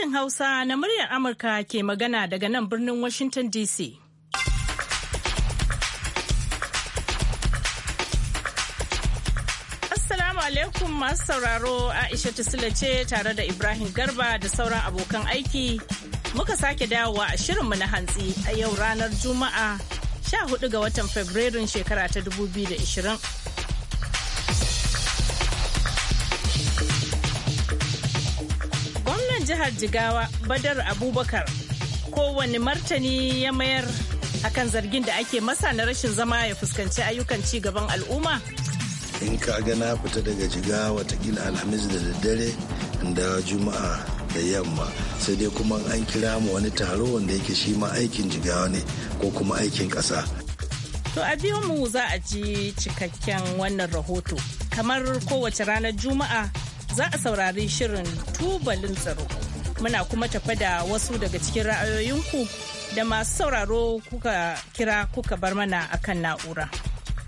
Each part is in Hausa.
Sashen Hausa na muryar Amurka ke magana daga nan birnin Washington DC. Assalamu alaikum masu sauraro Aisha Tisila ce tare da Ibrahim Garba da sauran abokan aiki. Muka sake dawowa a shirinmu na hantsi a yau ranar Juma'a 14 ga watan Fabrairun shekara ta 2020. jihar Jigawa Badar Abubakar kowane martani ya mayar akan zargin da ake masa na rashin zama ya fuskanci ayyukan ci gaban al'umma? In ka ga na fita daga Jigawa watakila Alhamis da daddare da Juma'a da yamma sai dai kuma an kira mu wani taro wanda yake shi ma aikin jigawa ne ko kuma aikin ƙasa. To a biyo mu za a ji cikakken wannan rahoto. Kamar kowace ranar Juma'a za a saurari shirin tubalin tsaro muna kuma tafa da wasu daga cikin ra'ayoyinku da masu sauraro kuka kira kuka bar mana akan na'ura.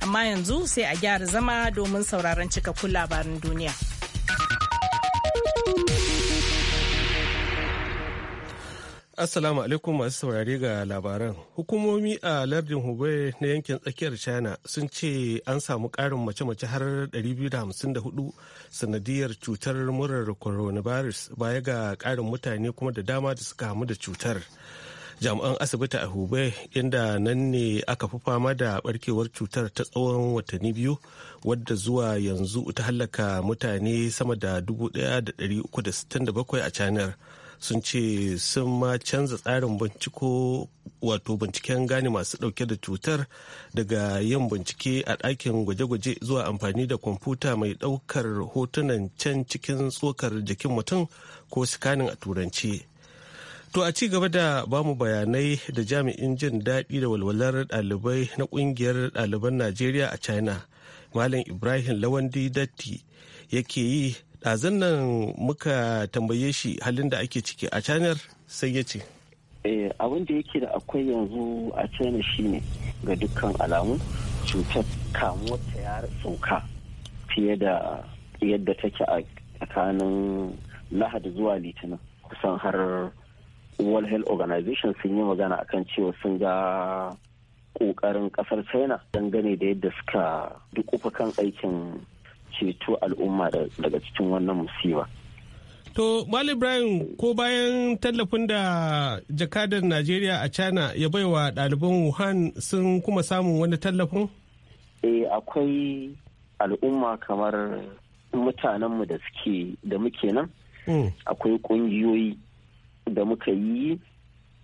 Amma yanzu sai a gyara zama domin sauraron cikakkun labarin duniya. Assalamu alaikum masu saurari ga labaran. Hukumomi a lardin Hubei na yankin tsakiyar China sun ce an samu ƙarin mace-mace har 254 sanadiyar cutar murar coronavirus baya ga ƙarin mutane kuma da dama da suka hamu da cutar jami'an asibiti a hube inda nan ne aka fi fama da barkewar cutar ta tsawon watanni biyu wadda zuwa yanzu ta hallaka mutane sama da 1,367 a canar sun ce sun ma canza tsarin binciko wato binciken gane masu dauke da cutar daga yin bincike a ɗakin gwaje-gwaje zuwa amfani da kwamfuta mai ɗaukar hotunan can cikin tsokar jikin mutum ko sikanin a turanci. To a ci gaba da bamu bayanai da jami'in jin daɗi da walwalar ɗalibai na ƙungiyar ɗaliban Najeriya a China, Malam Ibrahim Lawandi Datti yake yi ɗazan nan muka tambaye shi halin da ake ciki a canar sai ya ce eh, abin da yake da akwai yanzu a china shine ga dukkan alamu cutar kamuwar ta ya sauka fiye da yadda take a tsakanin lahadi zuwa litinin kusan har world health organization sun yi magana akan cewa sun ga kokarin kasar china dangane da yadda suka dukufa kan aikin ceto al'umma daga cikin wannan musiba. To Malam Ibrahim ko bayan tallafin da jakadar Najeriya a China ya baiwa ɗaliban Wuhan sun kuma samun wani tallafin? Eh akwai al'umma kamar mutanenmu da suke da muke nan. Hmm. Akwai ƙungiyoyi da muka yi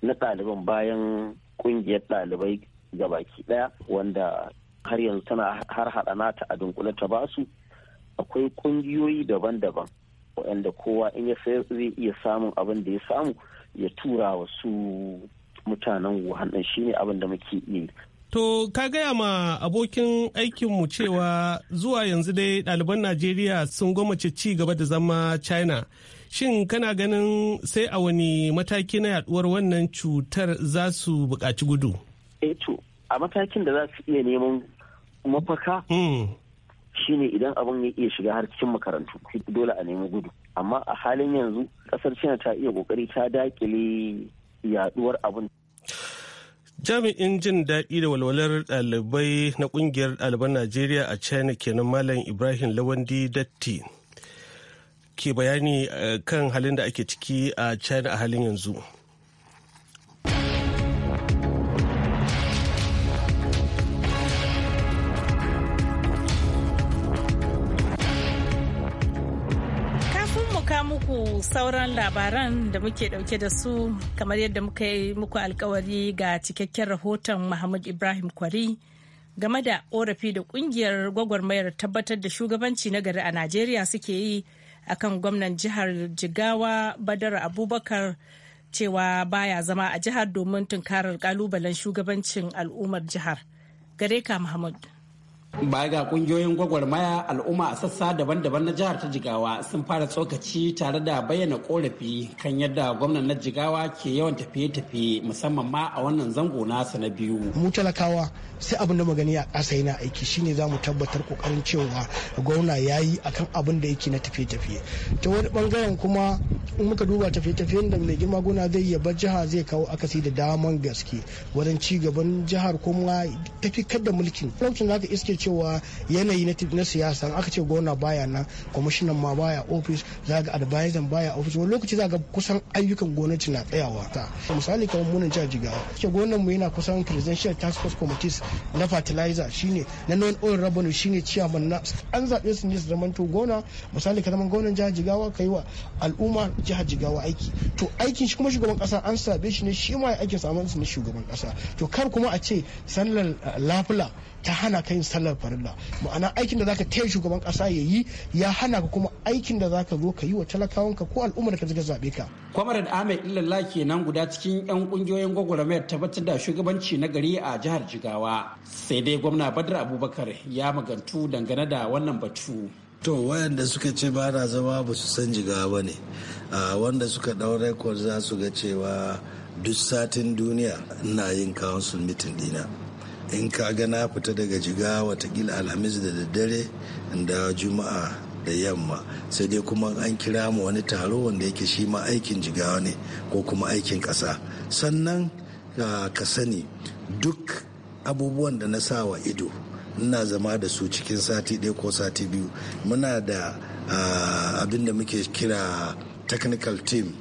na ɗaliban bayan ƙungiyar ɗalibai ga baki ɗaya wanda har yanzu tana har haɗa nata a dunkule ta basu. akwai kungiyoyi daban-daban waɗanda kowa in ya sayar zai iya samun abin da ya samu ya tura wa su mutanen wuhan ɗin shine abin da muke yi. To ka gaya ma abokin aikinmu cewa zuwa yanzu dai ɗaliban Najeriya sun gwamace ci gaba da zama China. Shin kana ganin sai a wani mataki na yaduwar wannan cutar za su buƙaci gudu? Eh to, a matakin da za su iya neman mafaka hmm. shine idan abin ya iya shiga har cikin makarantu dole a nemi gudu amma a halin yanzu kasar china ta iya kokari ta dakile yaduwar abin jami'in jin daɗi da walwalar ɗalibai na ƙungiyar ɗaliban najeriya a china kenan malam ibrahim lawandi datti ke bayani eh, kan halin da ake ciki a china a halin yanzu muku sauran labaran da muke dauke da su kamar yadda muka yi muku alkawari ga cikakken rahoton Muhammad Ibrahim Kwari game da korafi da kungiyar gwagwarmayar tabbatar da shugabanci na gari a Najeriya suke yi akan gwamnan jihar Jigawa Badar Abubakar cewa baya zama a jihar domin tunkarar kalubalen shugabancin al'ummar jihar. Gare ka Muhammad. Baya ga kungiyoyin gwagwarmaya al'umma a sassa daban-daban na jihar ta Jigawa sun fara tsokaci tare da bayyana korafi kan yadda gwamnan na Jigawa ke yawan tafiye-tafiye musamman ma a wannan zango nasa na biyu. Mu talakawa sai abin da magani a ƙasa yana aiki shine za mu tabbatar kokarin cewa gwamna ya yi akan abin da yake na tafiye-tafiye. Ta wani bangaren kuma in muka duba tafiye-tafiyen da mai girma gona zai yaba jiha zai kawo akasi da daman gaske wajen ci gaban jihar kuma tafi da mulkin. Lokacin za ka iske cewa yanayi na siyasa aka ce gona baya nan kwamishinan ma baya ofis za ga advisor baya ofis wani lokaci za ga kusan ayyukan gwamnati na tsayawa ta misali kamar munin jihar jigawa ke gonan mu yana kusan presidential task force committees na fertilizer shine na non oil revenue shine chairman na an zaɓe su ne su zaman to gona misali ka zaman gwamnan jihar jigawa ka yi wa al'umma jihar jigawa aiki to aikin shi kuma shugaban kasa an zaɓe shi ne shi ma ya aikin samun su ne shugaban kasa to kar kuma a ce sallar lafula ta hana ka yin sallar farilla ma'ana aikin da zaka taya shugaban kasa ya yi ya hana ka kuma aikin da zaka zo ka yi wa talakawanka ko al'ummar da ka zika zabe ka da ahmed illallah kenan guda cikin yan kungiyoyin gwagwarmayar tabbatar da shugabanci na gari a jihar jigawa sai dai gwamna badar abubakar ya magantu dangane da wannan batu to wayanda suka ce ba na zama ba su san jigawa ba ne wanda suka ɗaure rekod za su ga cewa duk satin duniya na yin council mitin dina in ka ga na fita daga jiga watakila alhamis da daddare da juma'a da yamma sai dai kuma an kira mu wani taro wanda yake shi ma aikin jigawa ne ko kuma aikin ƙasa sannan ka sani duk abubuwan da na sa wa ido ina zama da su cikin sati ɗaya ko sati biyu muna da abin da muke kira technical team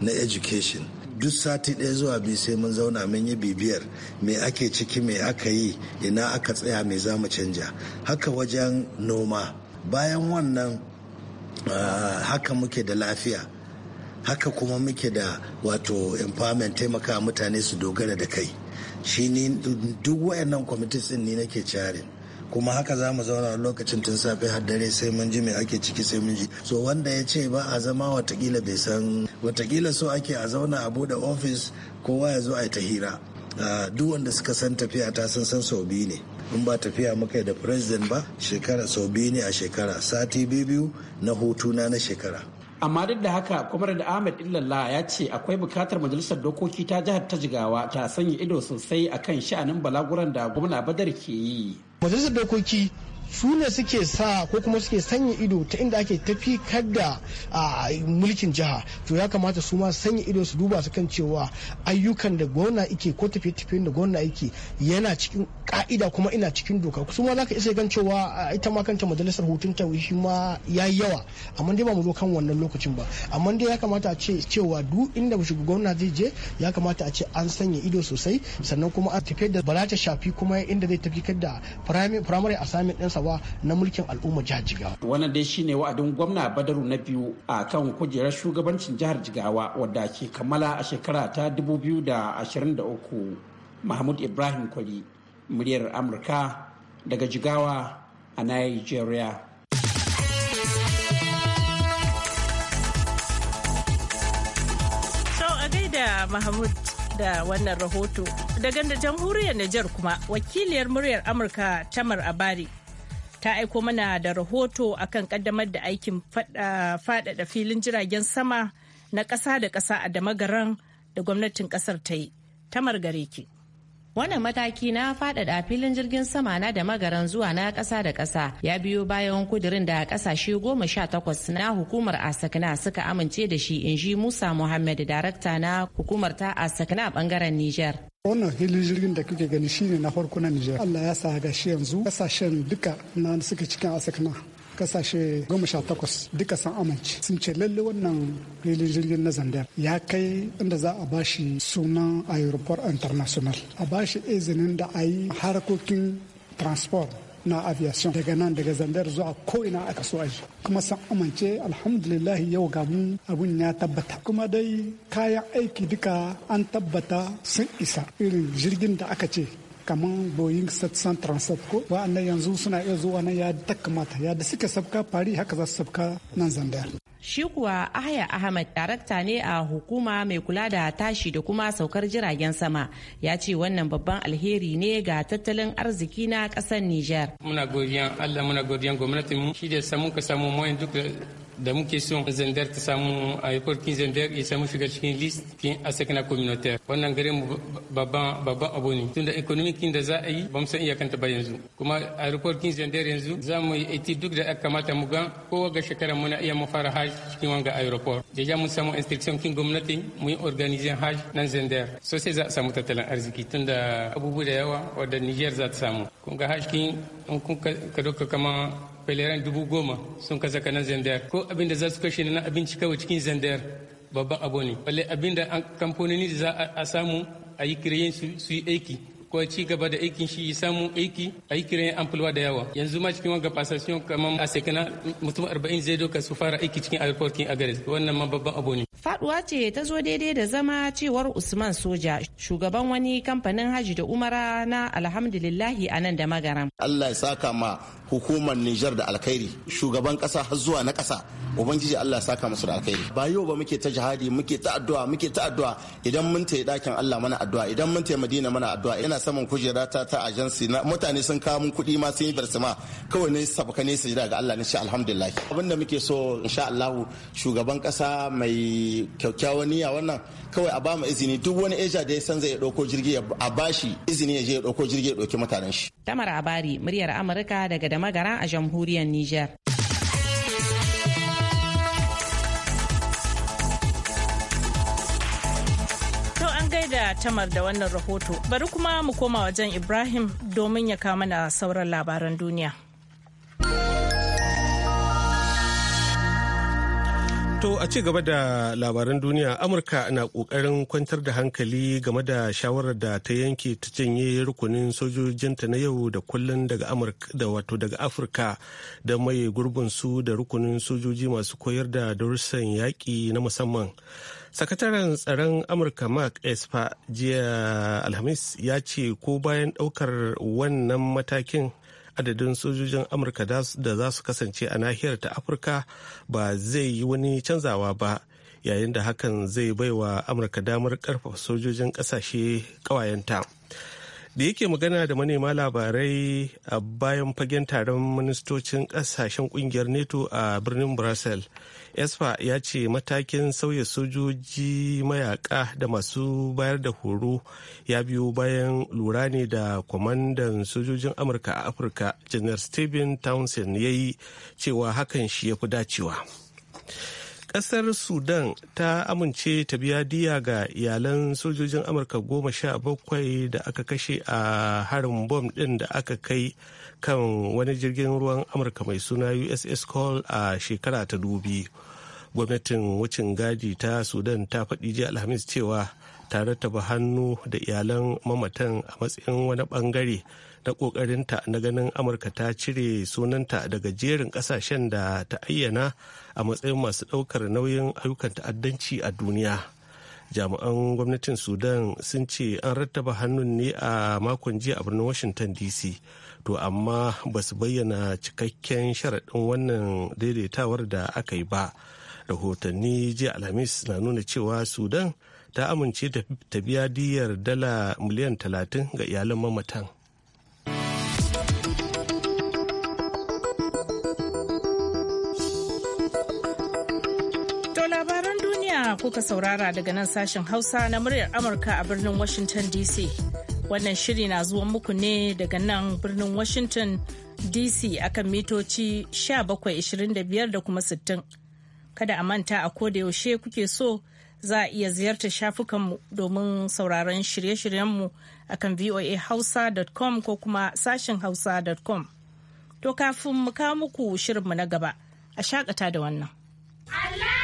na education duk sati ɗaya zuwa biyu sai mun zauna mun yi bibiyar me ake ciki me aka yi ina aka tsaya me za mu canja haka wajen noma bayan wannan haka muke da lafiya haka kuma muke da wato empowerment taimaka mutane su dogara da kai shi ni duk wayannan kwamitin ni nake carin kuma haka za mu zauna lokacin tun safe har dare sai mun ji mai ake ciki sai mun ji so wanda ya ce ba a zama watakila bai san watakila so ake a zauna a bude ofis kowa ya zo a yi ta hira ah, duk wanda suka san tafiya ta sun san sau biyu ne in ba tafiya muka yi da president ba shekara sau biyu ne a shekara sati biyu na hutuna na shekara amma duk da haka kwamar da ahmed illalla ya ce akwai bukatar majalisar dokoki ta jihar ta jigawa ta sanya ido sosai akan sha'anin balaguran da gwamna badar ke yi majalisar dokoki su ne suke sa ko kuma suke sanya ido ta inda ake tafi a mulkin jiha to ya kamata su ma sanya ido su duba su kan cewa ayyukan da gwamna ike ko tafiye-tafiyen da gwamna ike yana cikin ka'ida kuma ina cikin doka su ma zaka isa gan cewa ita ma kanta majalisar hutun ta shi ma ya yi yawa amma dai ba mu zo kan wannan lokacin ba amma dai ya kamata a ce cewa duk inda gwamna zai je ya kamata a ce an sanya ido sosai sannan kuma a tafiyar da ba za ta shafi kuma inda zai tafi da primary assignment ɗinsa na mulkin al'umma jihar jigawa wannan dai shine wa'adin gwamna badaru na biyu a kan kujerar shugabancin jihar jigawa wadda ke kammala a shekara ta biyu da da ashirin 2023 mahmud ibrahim kwali muryar amurka daga jigawa a nigeria Sau a gaida mahmud da wannan rahoto daga jamhuriyar Nijar kuma wakiliyar muryar amurka tamar abari ta aiko mana da rahoto akan kaddamar da aikin fadada filin jiragen sama na ƙasa da ƙasa a damagaran da gwamnatin ƙasar ta yi tamar gare ki. Wannan mataki na fadada filin jirgin sama na da magaran zuwa na kasa da kasa ya biyo bayan kudirin da kasashe goma sha takwas na hukumar Asakna suka amince da shi inji Musa Muhammad darakta na hukumar ta Asakna bangaren niger. Wannan filin jirgin da kuke gani shine na farko na Nijar. Allah ya sa ga shi yanzu kasashen duka na suke cikin asakna kasashe goma sha takwas duka san amince sun ce lalle wannan filin jirgin na zandar ya kai inda za a bashi sunan aeroport international a bashi izinin da a yi harkokin transport na aviation daga nan daga zandar zuwa ko'ina aka so aji kuma san amince alhamdulillah yau ga mu abun ya tabbata kuma dai kayan aiki duka an tabbata sun isa irin jirgin da aka ce kamar boeing 737 ko wa'anda yanzu suna iya zuwa nan ya takamata ya da suka sabka fari haka za su sabka nan zandar shi kuwa ahaya ahmad darakta ne a hukuma mai kula da tashi da kuma saukar jiragen sama ya ce wannan babban alheri ne ga tattalin arziki na kasar niger muna godiyan allah muna godiyan gwamnatin mu shi da samu ka samu moyin duk da muke son zandar ta samu a yafarkin zandar ya samu shiga cikin list kin asakina communautaire wannan gare mu babban babban abu ne tunda economic da za a yi ba mu san iyakanta ba yanzu kuma a yafarkin zandar yanzu za mu yi eti duk da kamata mu gan kowa ga shekara muna iya mu fara hajj cikin wanga aeroport deja mun samu instruction kin gwamnati mu yi organizing hajj nan zandar so sai za a samu tattalin arziki tunda abubuwa da yawa wadda Niger za ta samu kun ga hajj kin in kun ka doka kama filiran dubu goma sun kasa kanan zandar ko abin da za su kashe na abinci kawai cikin zandar babban abu ne balle abin da kamfanoni za a samu a yi kiriyen su yi aiki ko ci gaba da aikin shi yi samu aiki a yi kiran amfulwa da yawa yanzu ma cikin wanga fasashiyon kamar a sekana mutum arba'in zai doka su fara aiki cikin alforkin agaris wannan ma babban abu ne Faduwa ce ta zo daidai da zama cewar Usman Soja, shugaban wani kamfanin Haji da Umara na Alhamdulillahi a nan da magaram. Allah ya saka ma hukumar Nijar da alkhairi, shugaban ƙasa har zuwa na ƙasa. ubangiji Allah ya saka musu da alkhairi ba yau ba muke ta jihadi muke ta addu'a muke ta addu'a idan mun tayi dakin Allah mana addu'a idan mun tayi Madina mana addu'a ina saman kujera ta ta agency na mutane sun kawo mun kuɗi ma sun yi barsima kawai ne sabaka ne sajida ga Allah nace alhamdulillah abinda muke so insha Allah shugaban kasa mai kyakkyawan niyya wannan kawai a ba mu izini duk wani eja da ya san zai dauko jirgi a bashi izini ya je ya dauko jirgi ya dauki mutanen shi Tamar Abari muryar Amurka daga Damagara a jamhuriyar Niger da tamar da wannan rahoto bari kuma mu koma wajen ibrahim domin ya kama na sauran labaran duniya To a ci gaba da labaran duniya Amurka na kokarin kwantar da hankali game da shawarar da ta yanke ta janye rukunin sojojinta na yau da kullun daga da wato daga Afirka da mai gurbin su da rukunin sojoji masu koyar da darussan yaƙi na musamman. sakataren tsaron amurka mark espa jiya alhamis ya ce ko bayan daukar wannan matakin adadin sojojin amurka da za su kasance a nahiyar ta afirka ba zai yi wani canzawa ba yayin da hakan zai baiwa amurka damar karfafa sojojin kasashe kawayenta. da yake magana da manema labarai a bayan fagen taron ministocin kasashen kungiyar neto a birnin brussels esfa ya ce matakin sauya sojoji mayaka da masu bayar da horo ya biyo bayan lura ne da kwamandan sojojin amurka a afirka janar stephen townsend ya yi cewa hakan shi ya fi dacewa Ƙasar Sudan ta amince ta biya diya ga iyalan sojojin Amurka goma sha bakwai da aka kashe a harin bom ɗin da aka kai kan wani jirgin ruwan Amurka mai suna USS Cole a shekara ta dubi. Gwamnatin wucin gadi ta Sudan ta faɗi jiya Alhamis cewa ta rattaba hannu da iyalan mamatan a matsayin wani bangare na ƙoƙarinta na ganin Amurka ta cire sunanta daga jerin ƙasashen da ta ayyana a matsayin masu ɗaukar nauyin ayyukan ta'addanci a duniya jami'an gwamnatin sudan sun ce an rattaba hannun ne a makon jiya a birnin washington dc to amma ba su bayyana cikakken sharaɗin wannan daidaitawar da aka yi ba rahotanni jiya alhamis na nuna cewa sudan ta amince ta biya diyar dala miliyan 30 ga iyalin mamatan kuka saurara daga nan sashen Hausa na muryar Amurka a birnin Washington DC. Wannan shiri na zuwa muku ne daga nan birnin Washington DC akan mitoci 1725 da kuma 60. Kada a manta a koda yaushe kuke so za a iya ziyartar shafukanmu domin sauraron shirye-shiryenmu akan voahausa.com ko kuma sashen hausa.com. To kafin mu kawo muku shirinmu na gaba, a shakata da wannan. Allah!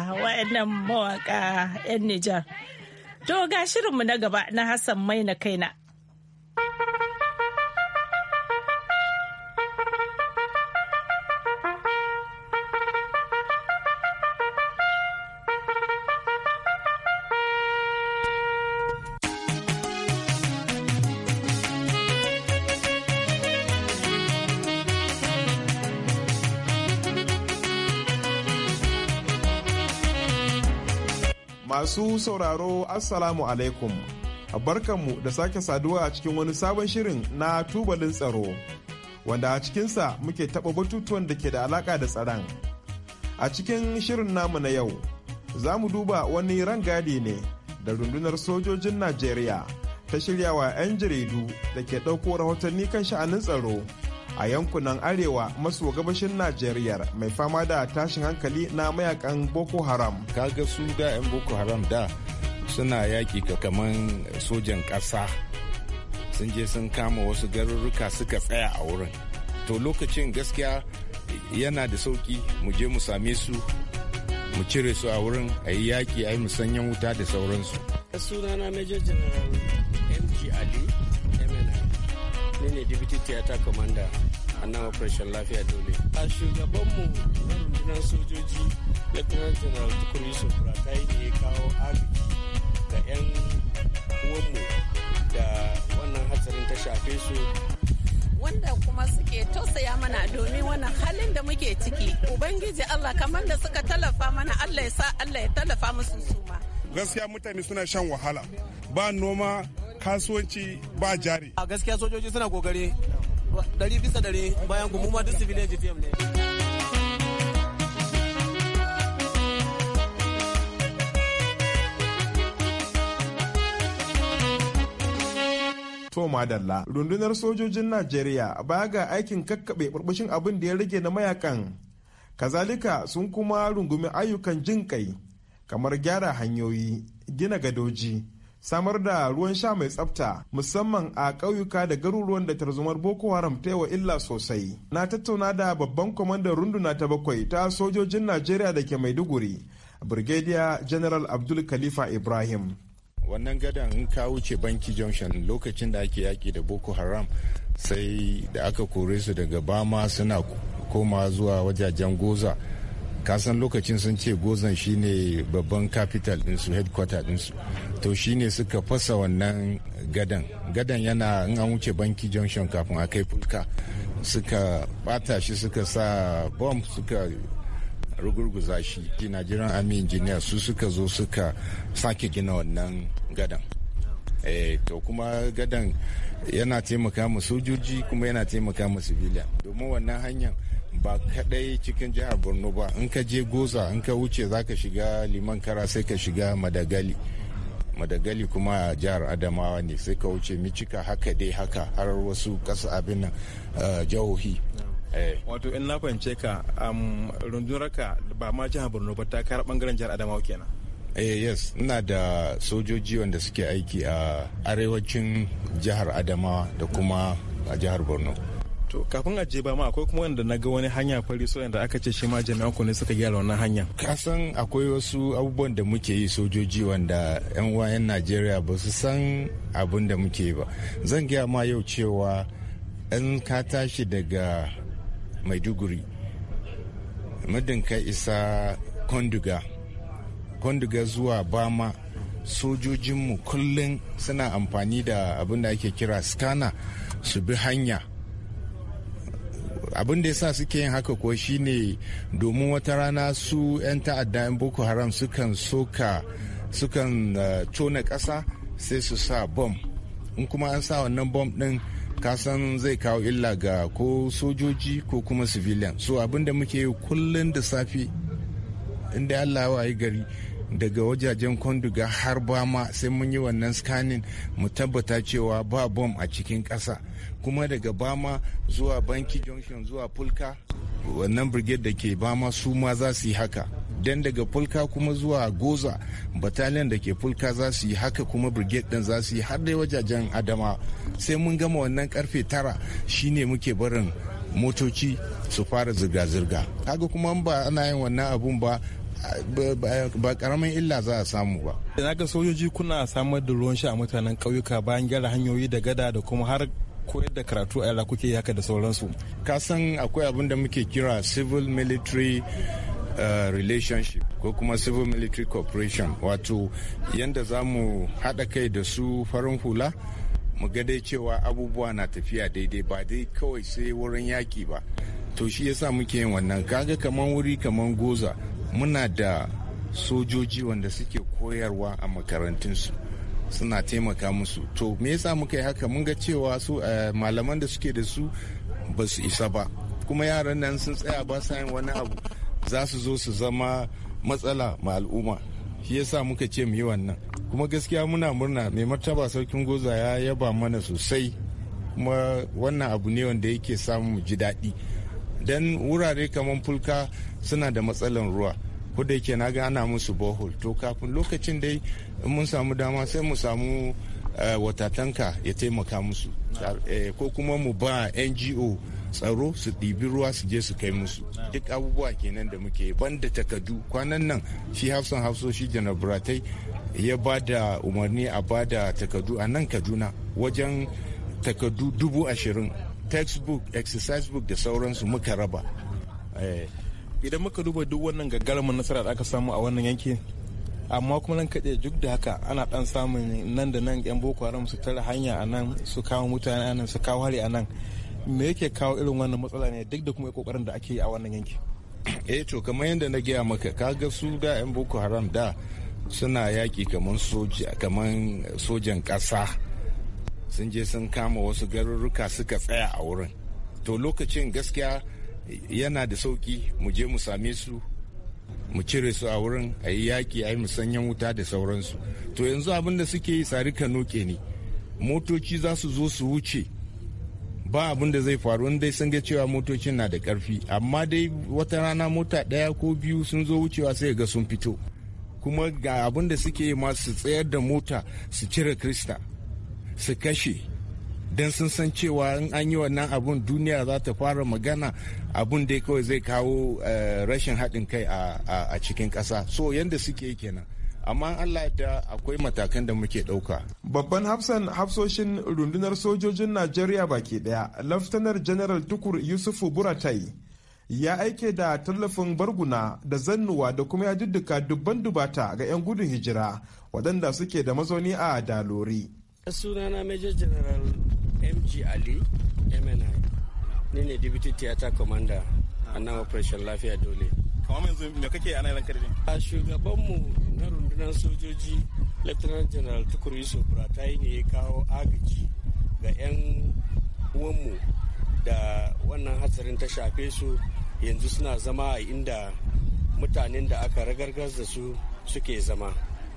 wa'annan mawaka 'yan Nijar. To ga shirinmu na gaba na Hassan mai Maina kaina Masu sauraro Assalamu alaikum. a Barkanmu da sake saduwa a cikin wani sabon shirin na tubalin tsaro, wanda a cikinsa muke taɓa batutuwan da ke da alaƙa da tsaron. A cikin shirin namu na yau, za mu duba wani rangadi ne da rundunar sojojin Najeriya ta shiryawa 'yan jaridu da ke ɗauko rahotanni kan sha'anin tsaro. a yankunan arewa maso gabashin najeriya mai fama da tashin hankali na mayakan boko haram kaga su da 'yan boko haram da suna yaƙi kaman sojan ƙasa sun je sun kama wasu garuruka suka tsaya a wurin to lokacin gaskiya yana da sauƙi mu je mu same su mu cire su a wurin a yi yaƙi a yi musanyen wuta da sauransu sunana general mg ni ne deputy theater commander a nan operation lafiya dole a shugabanmu na rundunar sojoji lieutenant general tukuri yusuf ne ya kawo agaji ga 'yan uwanmu da wannan hatsarin ta shafe su wanda kuma suke tausaya mana domin wannan halin da muke ciki ubangiji allah kamar da suka tallafa mana allah ya sa allah ya tallafa musu suma gaskiya mutane suna shan wahala ba noma kasuwanci ba jari a gaskiya sojoji suna kokari dari bisa dari bayan kuma ma duk civilian gtm ne To Madalla, rundunar sojojin Najeriya baya ga aikin kakkaɓe burbushin abin da ya rage na mayakan. Kazalika sun kuma rungumi ayyukan jin kai kamar gyara hanyoyi, gina gadoji, samar da ruwan sha mai tsafta musamman a ƙauyuka da garuruwan da tarzumar boko haram ta wa illa sosai na tattauna da babban kwamandan runduna ta bakwai ta sojojin najeriya da ke maiduguri brigadier general abdul khalifa ibrahim wannan gadan in ka wuce banki junction lokacin da ake yaki da boko haram sai da aka kore su daga bama suna koma zuwa wajajen goza kasan lokacin sun ce gozan shine babban capital ɗinsu headquarter ɗinsu to shine suka fasa wannan gadan gadan yana in an wuce banki junction kafin a kai fulka suka bata shi suka sa bomb suka rugurguza shi nigerian army engineer su suka zo suka sake gina wannan gadan eh, to kuma gadan yana taimaka mu sojoji kuma yana taimaka mu civilian domin wannan hanyar ba kadai cikin jihar borno ba in ka je goza in ka wuce za ka shiga liman kara sai ka shiga madagali madagali kuma a jihar adamawa ne sai ka wuce micika haka dai haka har wasu kasa abin eh, jihohi eh. wato in na fahimce ka rundunarka ba ma jihar borno ba ta kara bangaren jihar adamawa kenan eh yes ina da sojoji wanda suke aiki a arewacin jihar adamawa da kuma a jihar borno to kafin a je ba ma akwai kuma wanda na ga wani hanya fari so da aka ce shi ma jami'an ku ne suka gyara wannan hanya ka san akwai wasu abubuwan da muke yi sojoji wanda yan wayan najeriya ba su san abin da muke ba zan gaya ma yau cewa in ka tashi daga maiduguri muddin ka isa konduga konduga zuwa bama sojojinmu kullum suna amfani da abin da ake kira skana su bi hanya abin da ya sa suke yin haka ko shine domin wata rana su 'yan ta'adda 'yan boko haram sukan soka sukan eh, tona ƙasa sai su sa bom in kuma an sa wannan bom ɗin kasan zai kawo illa ga ko sojoji ko kuma civilian so abin da muke yi kullum da safe inda allah wayi gari daga wajajen kwanduga har bama sai mun yi wannan scanning mu tabbata cewa ba bom a cikin ƙasa kuma daga bama zuwa banki junction zuwa fulka wannan brigade da ke bama su ma za su yi haka don daga fulka kuma zuwa goza battalion da ke fulka za su yi haka kuma brigade din za su yi har dai wajajen adama sai mun gama wannan karfe tara shine muke barin motoci su fara zirga-zirga kaga kuma ba ana yin wannan abun ba ba karamin illa za a samu ba. Na ga sojoji kuna samar da ruwan sha a mutanen ƙauyuka bayan gyara hanyoyi da gada da kuma har koyar da karatu a yara kuke yi haka da sauransu. Ka san akwai abin da muke kira civil military eh, relationship ko kuma civil military cooperation wato yadda za mu haɗa kai da su farin hula mu ga dai cewa abubuwa na tafiya daidai ba dai kawai sai wurin yaki ba to shi yasa muke yin wannan kaga kaman wuri kaman goza muna da sojoji wanda suke koyarwa a makarantunsu suna taimaka musu to me yasa muka yi haka mun ga cewa su eh, malaman da suke da su ba su isa ba kuma yaran nan sun tsaya ba sa yin wani abu za su zo su zama matsala ma al'umma shi yasa muka ce mu yi wannan kuma gaskiya muna murna mai martaba sarkin goza ya yaba mana sosai kuma wannan abu ne wanda yake samu ji daɗi don wurare kamar fulka suna da matsalan ruwa kuda da yake ga ana musu bohol to kafin lokacin dai mun samu dama sai mu samu eh, watatanka ya taimaka musu eh, ko kuma mu ba ngo tsaro su ɗibi ruwa su je su kai musu duk abubuwa kenan da muke banda takardu kwanan nan shi hafsan hafsoshi janar buratai ya ba da umarni a ba da takardu a nan kaduna wajen takardu dubu ashirin textbook exercise book da sauransu muka raba eh, idan muka duba duk wannan mun nasara da aka samu a wannan yanki amma kuma nan kaɗe duk da haka ana ɗan samun nan da nan yan boko haram su tara hanya a nan su kawo mutane a nan su kawo hari a nan me yake kawo irin wannan matsala ne duk da kuma kokarin da ake yi a wannan yanki eh to kamar yadda na gaya maka kaga su da yan boko haram da suna yaƙi kamar sojan ƙasa sun je sun kama wasu garuruka suka tsaya a wurin to lokacin gaskiya yana da sauki mu je mu same su mu cire su a wurin a yi yaƙi a yi musanyen wuta da sauransu to yanzu abin da suke yi tsari ka noke ne motoci za su zo su wuce ba abin da zai faru in dai sun ga cewa motocin na da ƙarfi amma dai wata rana mota ɗaya ko biyu sun zo wucewa sai ga sun fito kuma ga abin da suke yi masu tsayar da mota su cire krista su kashe don sun san cewa in an yi wannan abun duniya za ta fara magana abun da kawai zai kawo eh, rashin haɗin kai a cikin ƙasa so yadda suke kenan amma allah da akwai matakan da muke ɗauka babban hafsan hafsoshin rundunar sojojin najeriya baki ɗaya laftanar janaral tukur yusufu buratai ya aike da tallafin barguna da zannuwa da kuma ya dudduka dubban dubata ga 'yan gudun hijira waɗanda suke da mazauni a dalori sunana major general mg ali mni ni ne deputy theater commander a nan operation lafiya dole kamar yanzu me kake ana ran karfi a shugabanmu na rundunar sojoji lieutenant general tukuru yusuf buratai ne ya kawo agaji ga 'yan uwanmu da wannan hatsarin ta shafe su yanzu suna zama a inda mutanen da aka ragargar da su suke zama.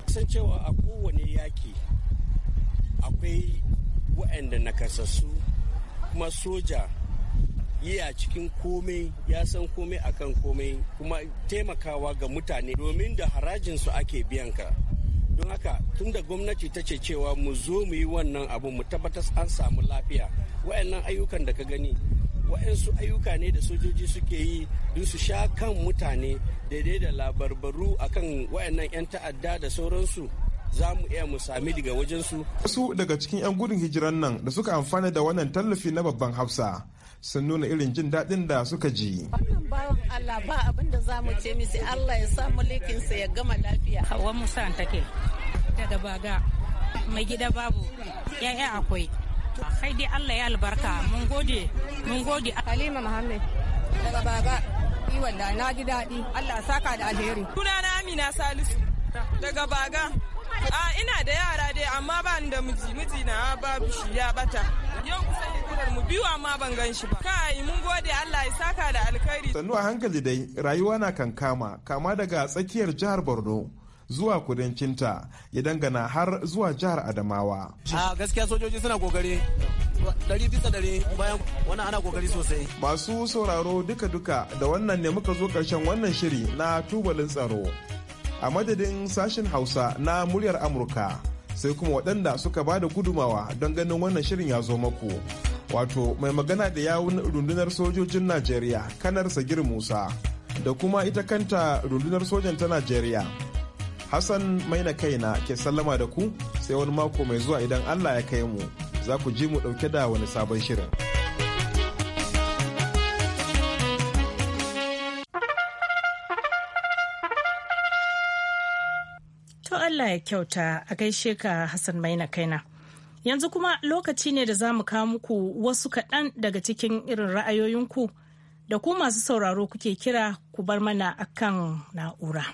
San cewa a kowane yaki akwai waɗanda nakasassu kuma soja a cikin komai ya san komai akan komai kuma taimakawa ga mutane domin da harajinsu ake biyan ka. don haka tun da gwamnati ta ce cewa mu zo mu yi wannan abu mu tabbatar an samu lafiya waɗannan ayyukan da ka gani waɗansu ayyuka ne da sojoji suke yi don su sha kan mutane daidai da labarbaru akan wayannan 'yan ta'adda da sauransu za mu iya mu sami daga wajensu. Wasu daga cikin 'yan gudun hijiran nan da suka amfana da wannan tallafi na babban Hafsa sun nuna irin jin daɗin da suka ji. Wannan bawan Allah ba abin da za mu ce misi Allah ya sa mulkinsa ya gama lafiya. Hawa Musa take daga baga mai gida babu ya'ya akwai. Kai dai Allah ya albarka mun gode mun gode. Halima Muhammad daga baga iwan da na ji daɗi Allah saka da alheri. na Amina Salisu daga baga. A ah, ina da yara dai amma ba da miji miji na babu shi ya bata. Yau kusan shekarar mu biyu amma ban gan shi ba. Kai mun gode Allah ya saka da alkhairi. Sannu a hankali dai rayuwa na kankama kama daga tsakiyar jihar Borno. zuwa kudancinta ya dangana har zuwa jihar adamawa a gaskiya sojoji suna kokari dari bisa dare bayan wani ana kokari sosai masu sauraro duka-duka da wannan ne muka zo karshen wannan shiri na tubalin tsaro a madadin sashen hausa na muryar amurka sai kuma waɗanda suka ba da gudumawa don ganin wannan shirin ya zo maku wato mai magana da yawun rundunar sojojin najeriya kanar sagir musa da kuma ita kanta rundunar sojan ta najeriya hassan maina na ke sallama da ku sai wani mako mai zuwa idan allah ya kai mu za ku ji mu ɗauke da wani sabon shirin. Allah ya kyauta a gaishe ka Hassan Maina kaina. Yanzu kuma lokaci ne da za mu kawo muku wasu kaɗan daga cikin irin ra'ayoyinku da ku masu sauraro kuke kira ku bar mana akan na'ura.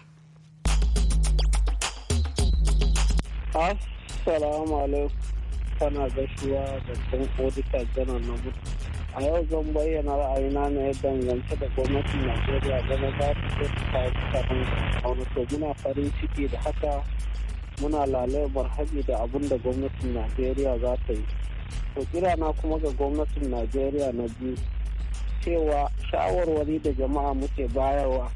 Assalamu alaikum kana gashiwa da kan odita janar na mutu. a yau zan bayyana ra'ayina na yadda dangance da gwamnatin najeriya game za ta ce ta yi ta wani ta muna farin ciki da haka muna lalabar haɗi da abin da gwamnatin najeriya za ta yi to kira na kuma ga gwamnatin najeriya na biyu cewa shawarwari da jama'a muke bayarwa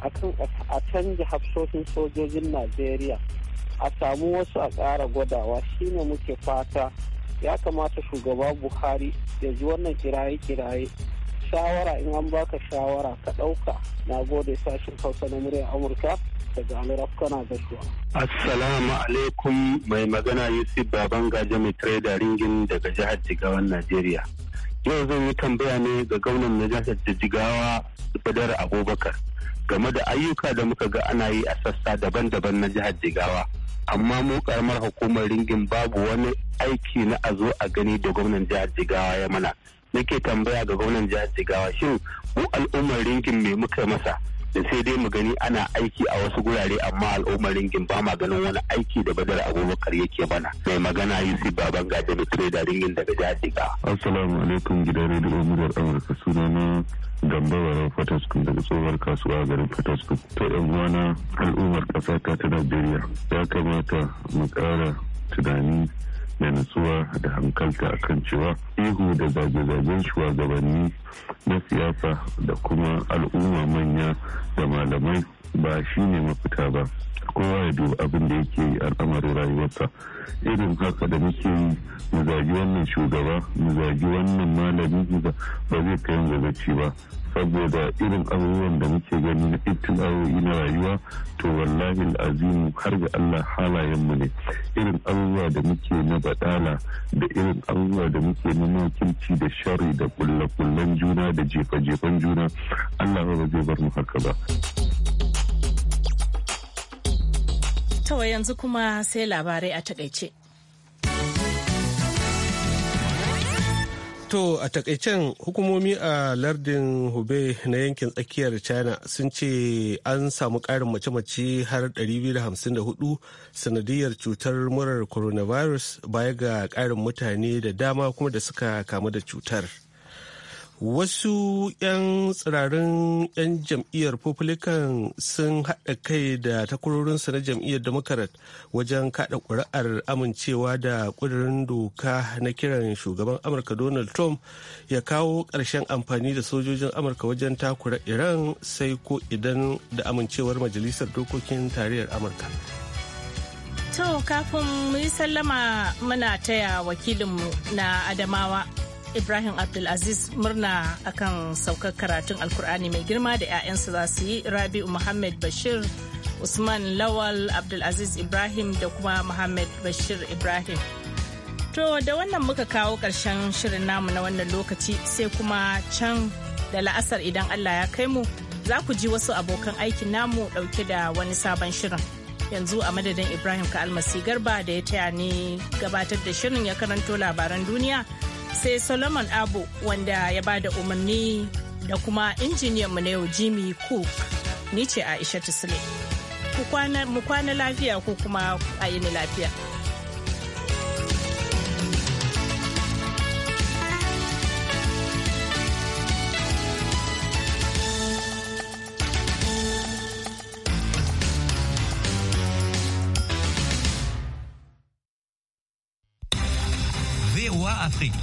akan a canza hafsoshin sojojin najeriya a samu wasu a ƙara gwadawa shine muke fata ya kamata shugaba buhari ya ji wannan kiraye-kiraye shawara in an baka shawara ka ɗauka na gode sashen hausa na muryar amurka daga kana Assalamu alaikum mai magana Yusuf Baban Gaje mai trader ringin daga jihar Jigawan Najeriya. Yau zan yi tambaya ne ga gwamnan na jihar Jigawa Badar Abubakar game da ayyuka da muka ga ana yi a sassa daban-daban na jihar Jigawa. Amma mu karamar hukumar ringin babu wani aiki na a zo a gani da gwamnan jihar Jigawa ya mana. Nake tambaya ga gwamnan jihar Jigawa shin mu al'ummar ringin me muka masa? da sai dai mu gani ana aiki a wasu gurare amma al'ummar ringin ba ma ganin wani aiki da badar abubakar yake bana mai magana yusuf baban gaje da da ringin daga jihar assalamu alaikum gidan rediyo muryar amurka sunana gamba baran fatasku daga tsohuwar kasuwa garin fatasku ta yan uwana al'ummar kasa ta ta najeriya ya kamata mu kara tunani da nutsuwa da hankalta akan cewa ihu da zage-zagen shugabanni na siyasa da kuma al'umma manya da malamai ba shi ne mafita ba kowa ya duba abin da yake al'amarin rayuwarsa irin haka da muke yi mu zagi wannan shugaba mu zagi wannan malami ba zai kai gabaci ba saboda irin abubuwan da muke gani na ittin awoyi na rayuwa to wallahi azimu har ga Allah halayen mu ne irin abubuwa da muke na badala da irin abubuwa da muke na makilci da shari da kulle-kullen juna da jefa-jefan juna Allah ba zai bar mu haka ba. To yanzu kuma sai labarai a takaice. To a takaicen hukumomi a lardin Hubei na yankin tsakiyar China sun ce an samu ƙarin mace-mace har 254 sanadiyar cutar murar coronavirus baya ga ƙarin mutane da dama kuma da suka kamu da cutar. wasu 'yan tsirarin 'yan jam'iyyar republican sun haɗa kai da takwarorinsu na jam'iyyar democrat wajen kaɗa ƙuri'ar amincewa da ƙudurin doka na kiran shugaban amurka donald trump ya kawo ƙarshen amfani da sojojin amurka wajen takura iran sai ko idan da amincewar majalisar dokokin tarayyar amurka to kafin mu yi sallama muna taya wakilinmu na adamawa Ibrahim Abdulaziz murna akan saukar karatun Alkur'ani mai girma da yayansa za su yi Rabi'u Muhammad Bashir Usman Lawal Abdulaziz Ibrahim da kuma Muhammad Bashir Ibrahim. To da wannan muka kawo ƙarshen shirin namu na wannan lokaci sai kuma can da la'asar idan Allah ya kai mu za ku ji wasu abokan aikin namu ɗauke da wani sabon shirin. Yanzu a madadin Ibrahim Ka'almasi Garba da ya taya ni gabatar da shirin ya karanto labaran duniya sai solomon abu wanda ya ba da umarni da kuma injiniyan mu na yau jimmy cook ni ce aisha tisle mu kwana lafiya ko kuma a yi ni lafiya Afrique.